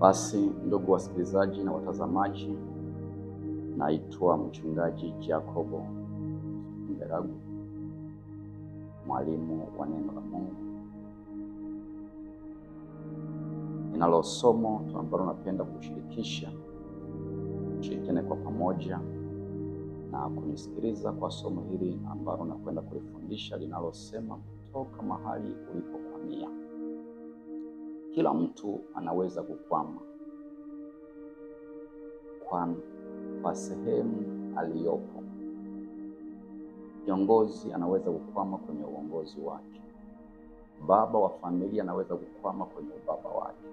Basi ndugu wasikilizaji na watazamaji, naitwa mchungaji Jacobo Mberagu, mwalimu wa neno la Mungu. Ninalo somo ambalo napenda kushirikisha, shirikiane kwa pamoja na kunisikiliza kwa somo hili ambalo nakwenda kulifundisha linalosema kutoka mahali ulipokwamia kila mtu anaweza kukwama kwa, kwa sehemu aliyopo. Kiongozi anaweza kukwama kwenye uongozi wake. Baba wa familia anaweza kukwama kwenye ubaba wake.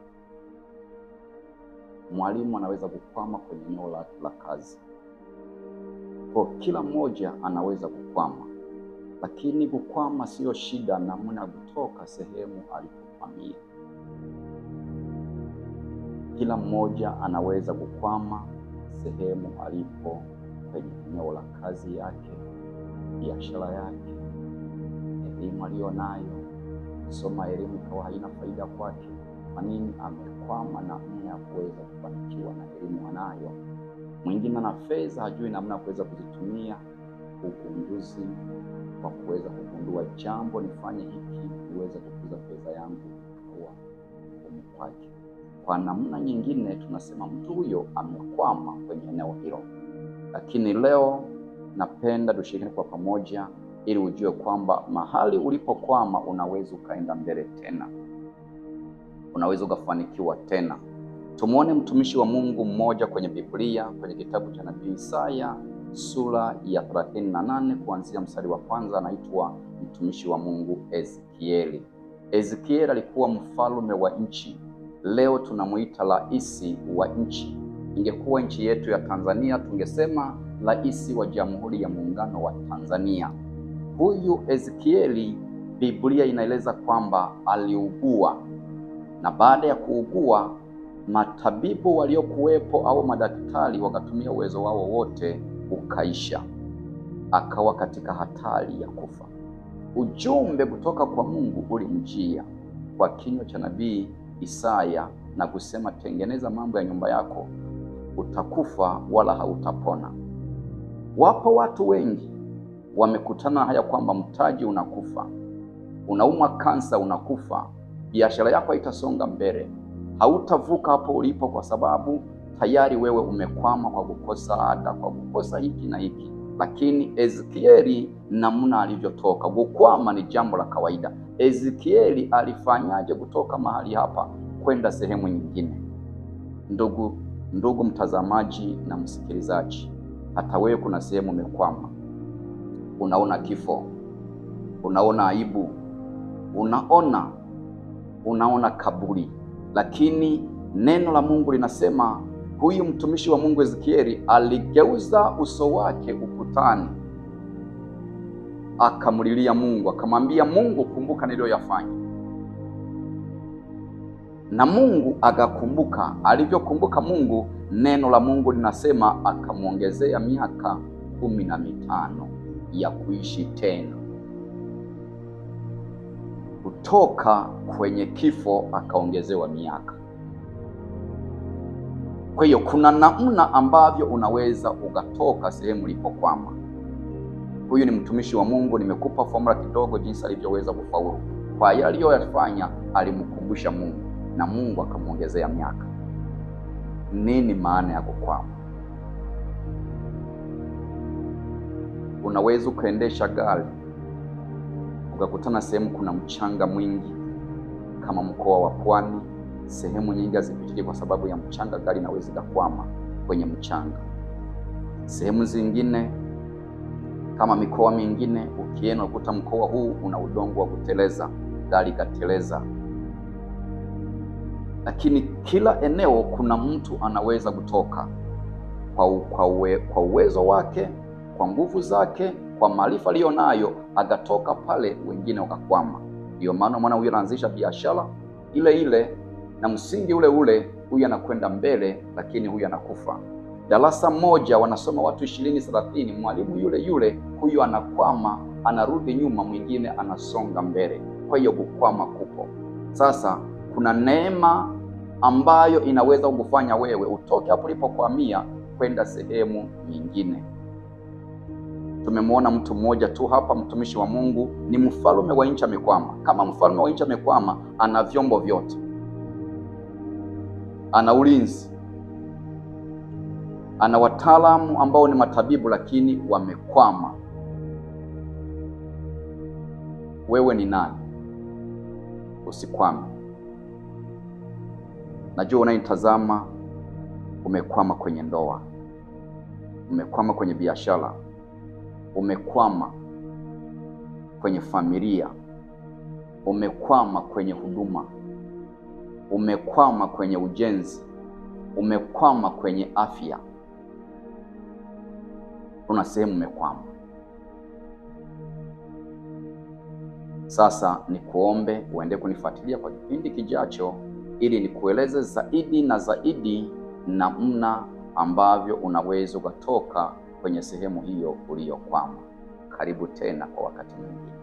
Mwalimu anaweza kukwama kwenye eneo lake la kazi. Kwa kila mmoja anaweza kukwama, lakini kukwama siyo shida, namna ya kutoka sehemu alipokwamia. Kila mmoja anaweza kukwama sehemu alipo kwenye eneo la kazi yake, biashara yake, elimu aliyonayo. kusoma elimu ikawa haina faida kwake. Kwa nini? Amekwama namna ya kuweza kufanikiwa na elimu anayo. Mwingine ana fedha, hajui namna ya kuweza kuzitumia. Ugunduzi wa kuweza kugundua jambo, nifanye hiki niweze kukuza fedha yangu, kuwa kwake kwa namna nyingine tunasema mtu huyo amekwama kwenye eneo hilo. Lakini leo napenda tushirikiane kwa pamoja, ili ujue kwamba mahali ulipokwama unaweza ukaenda mbele tena, unaweza ukafanikiwa tena. Tumwone mtumishi wa Mungu mmoja kwenye Biblia, kwenye kitabu cha nabii Isaya sura ya 38 kuanzia mstari wa kwanza. Anaitwa mtumishi wa Mungu Ezekieli. Ezekieli alikuwa mfalme wa nchi leo tunamuita rais wa nchi. Ingekuwa nchi yetu ya Tanzania, tungesema rais wa Jamhuri ya Muungano wa Tanzania. Huyu Ezekieli, Biblia inaeleza kwamba aliugua, na baada ya kuugua matabibu waliokuwepo au madaktari wakatumia uwezo wao wote, ukaisha, akawa katika hatari ya kufa. Ujumbe kutoka kwa Mungu ulimjia kwa kinywa cha nabii Isaya na kusema, tengeneza mambo ya nyumba yako, utakufa wala hautapona. Wapo watu wengi wamekutana haya kwamba mtaji unakufa, unaumwa kansa unakufa, biashara yako haitasonga mbele, hautavuka hapo ulipo, kwa sababu tayari wewe umekwama kwa kukosa ada, kwa kukosa hiki na hiki lakini Ezekieli, namna alivyotoka gukwama ni jambo la kawaida. Ezekieli alifanyaje kutoka mahali hapa kwenda sehemu nyingine? Ndugu, ndugu mtazamaji na msikilizaji, hata wewe kuna sehemu umekwama, unaona kifo, unaona aibu, unaona unaona kaburi, lakini neno la Mungu linasema huyu mtumishi wa Mungu Ezekieli aligeuza uso wake mkutani, akamlilia Mungu, akamwambia Mungu, kumbuka niliyoyafanya. Na Mungu akakumbuka. Alivyokumbuka Mungu, neno la Mungu linasema akamwongezea miaka kumi na mitano ya kuishi tena kutoka kwenye kifo akaongezewa miaka. Kwa hiyo kuna namna ambavyo unaweza ukatoka sehemu ulipokwama. Huyu ni mtumishi wa Mungu, nimekupa fomula kidogo jinsi alivyoweza kufaulu kwa yaliyoyafanya. Alimkumbusha Mungu na Mungu akamwongezea miaka. Nini maana ya kukwama? Unaweza ukaendesha gari ukakutana sehemu kuna mchanga mwingi kama mkoa wa Pwani Sehemu nyingi hazipitiki kwa sababu ya mchanga, gari inaweza ikakwama kwenye mchanga. Sehemu zingine kama mikoa mingine, ukienda ukuta mkoa huu una udongo wa kuteleza, gari ikateleza. Lakini kila eneo kuna mtu anaweza kutoka kwa, kwa, we, kwa uwezo wake, kwa nguvu zake, kwa maarifa aliyonayo, akatoka pale, wengine wakakwama. Ndio maana mwana huyo anaanzisha biashara ile ile na msingi ule ule, huyu anakwenda mbele, lakini huyu anakufa. Darasa moja wanasoma watu ishirini thelathini, mwalimu yule yule, huyu anakwama, anarudi nyuma, mwingine anasonga mbele. Kwa hiyo kukwama kupo. Sasa kuna neema ambayo inaweza kukufanya wewe utoke hapo ulipokwamia kwenda sehemu nyingine. Tumemwona mtu mmoja tu hapa, mtumishi wa Mungu, ni mfalme wa nchi amekwama. Kama mfalme wa nchi amekwama, ana vyombo vyote ana ulinzi, ana wataalamu ambao ni matabibu lakini wamekwama. Wewe ni nani? Usikwame. Najua unayenitazama umekwama kwenye ndoa, umekwama kwenye biashara, umekwama kwenye familia, umekwama kwenye huduma umekwama kwenye ujenzi, umekwama kwenye afya, kuna sehemu umekwama. Sasa nikuombe uende kunifuatilia kwa kipindi kijacho, ili nikueleze zaidi na zaidi namna ambavyo unaweza ukatoka kwenye sehemu hiyo uliyokwama. Karibu tena kwa wakati mwingine.